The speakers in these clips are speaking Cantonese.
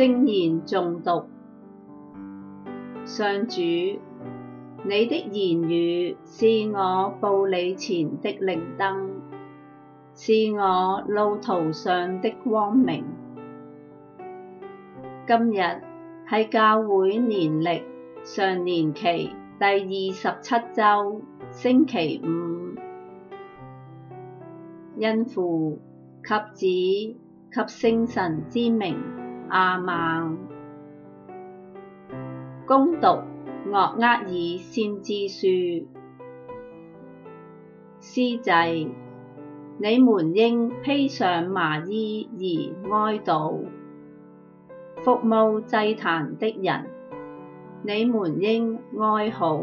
聖言誦讀。上主，你的言語是我步履前的靈燈，是我路途上的光明。今日係教會年歷上常年期第二十七周星期五，因父及子及聖神之名。阿孟。恭讀岳厄爾先知書。司祭，你們應披上麻衣而哀悼！服務祭壇的人，你們應哀號。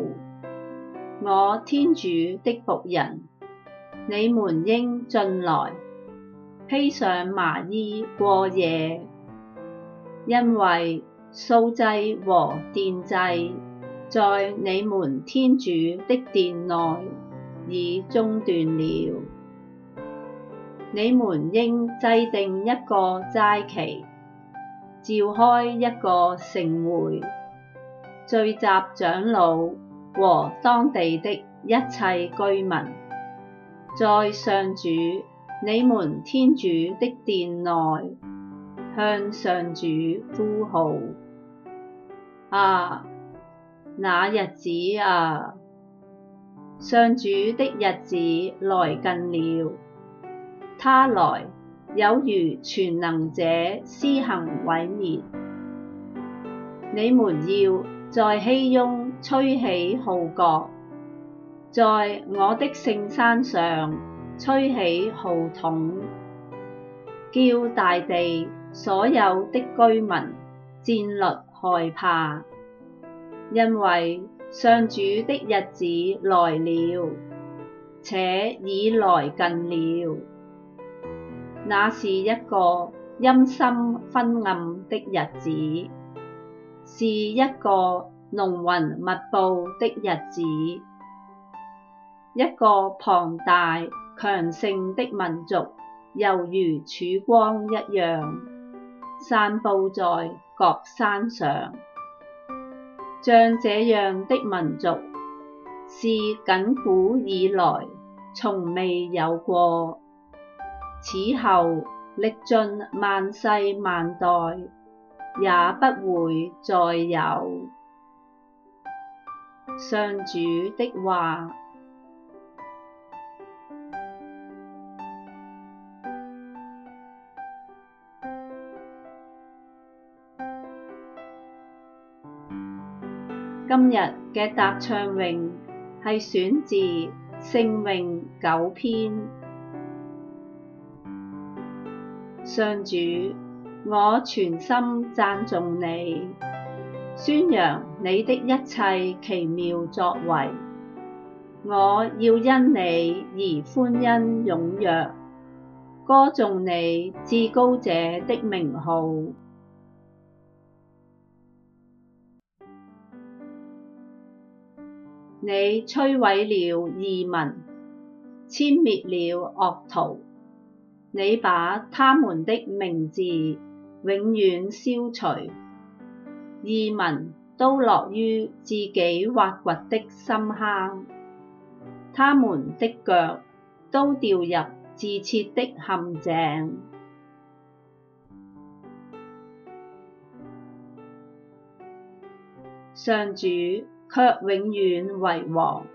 我天主的僕人，你們應進來，披上麻衣過夜。因為素祭和奠祭在你們天主的殿內已中斷了，你們應制定一個齋期，召開一個盛會，聚集長老和當地的一切居民，在上主你們天主的殿內，向上主呼號啊！那日子啊，上主的日子來近了。他來有如全能者施行毀滅。你們要在熙雍吹起號角，在我的聖山上吹起號筒，叫大地。所有的居民戰慄害怕，因為上主的日子來了，且已來近了。那是一個陰森昏暗的日子，是一個濃雲密布的日子，一個龐大強盛的民族，猶如曙光一樣。散布在各山上，像這樣的民族，是亙古以來從未有過。此後歷盡萬世萬代，也不會再有。上主的話。今日嘅答唱詠係選自聖詠九篇。上主，我全心讚頌你，宣揚你的一切奇妙作為。我要因你而歡欣踴躍，歌頌你至高者的名號。你摧毀了異民，殲滅了惡徒，你把他們的名字，永遠消除。異民都落於自己挖掘的深坑，他們的腳都掉入自設的陷阱。上主，卻永遠為王，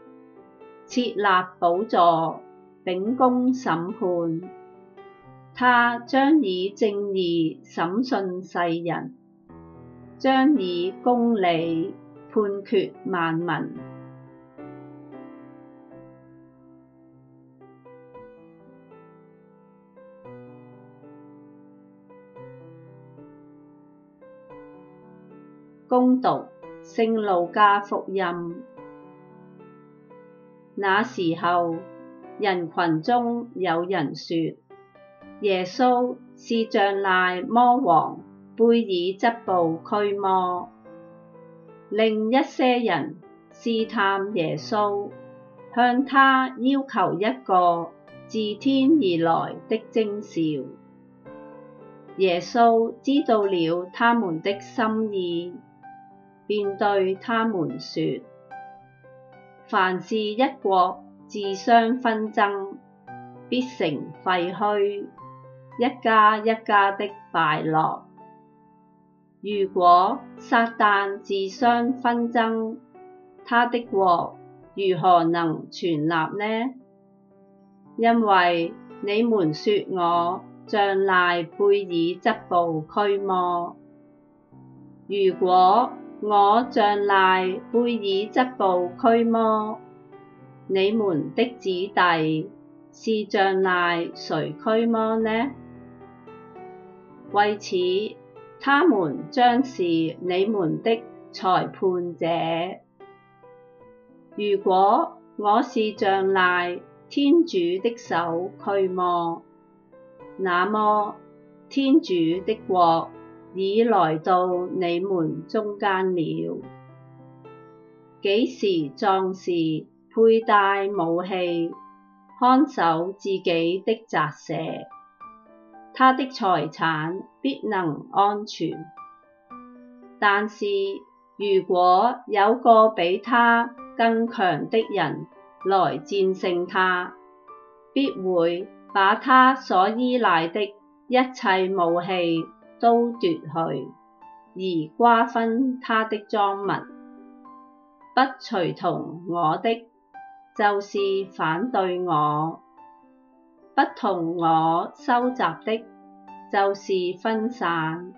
設立寶座，秉公審判。他將以正義審訊世人，將以公理判決萬民。公道。聖路加福音。那時候，人群中有人說：耶穌是仗賴魔王，貝耳則步驅魔。另一些人試探耶穌，向他要求一個自天而來的徵兆。耶穌知道了他們的心意。便對他們說：凡是一國自相紛爭，必成廢墟，一家一家的敗落。如果撒旦自相紛爭，他的國如何能存立呢？因為你們說我仗賴貝耳則步驅魔。如果我仗賴貝耳則步驅魔，你們的子弟是仗賴誰驅魔呢？為此，他們將是你們的裁判者。如果我是仗賴天主的手驅魔，那麼天主的國，已來到你們中間了。幾時壯士佩帶武器，看守自己的宅舍，他的財產必能安全。但是，如果有個比他更強的人來戰勝他，必會把他所依賴的一切武器。都奪去，而瓜分他的贜物；不隨同我的，就是反對我；不同我收集的，就是分散。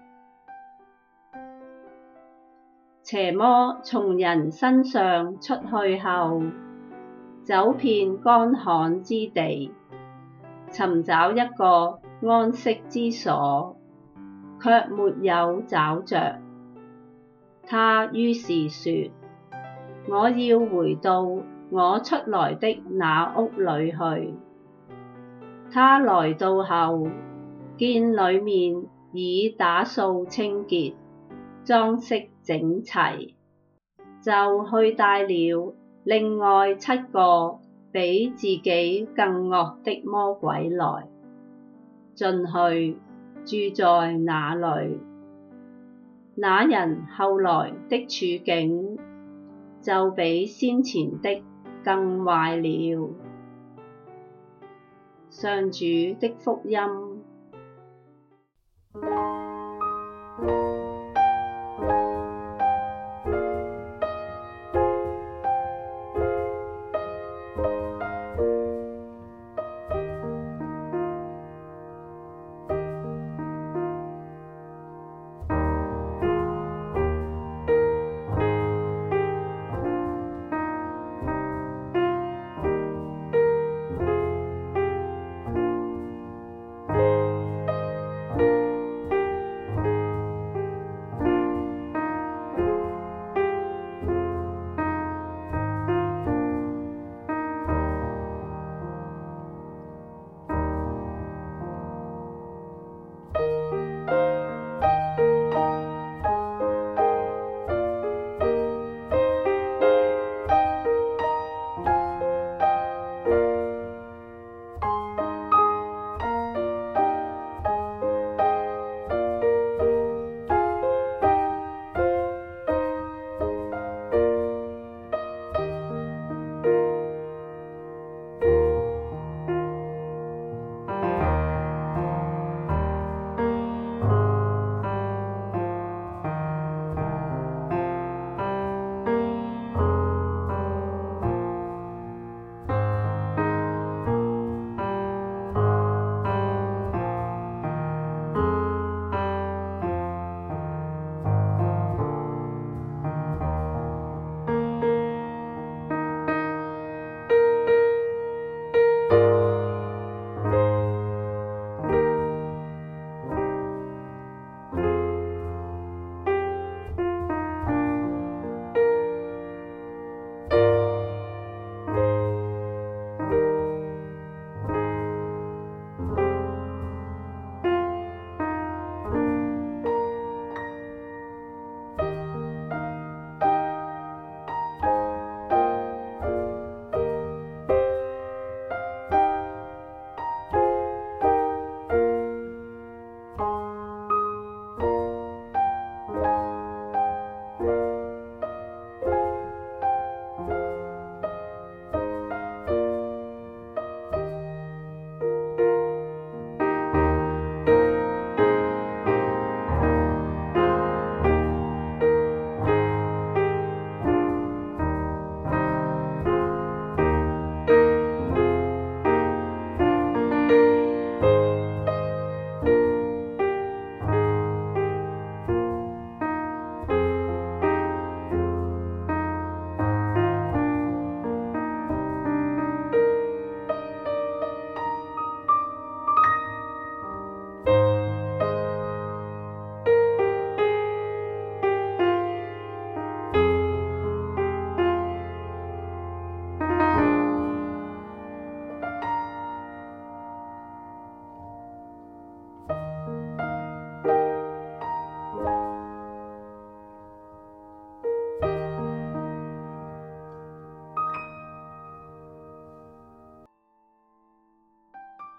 邪魔從人身上出去後，走遍乾旱之地，尋找一個安息之所。卻沒有找着。他於是說：我要回到我出來的那屋裏去。他來到後，見裡面已打掃清潔，裝飾整齊，就去帶了另外七個比自己更惡的魔鬼來，進去。住在那裏。那人後來的處境，就比先前的更壞了。上主的福音。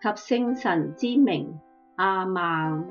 及聖神之名，阿曼。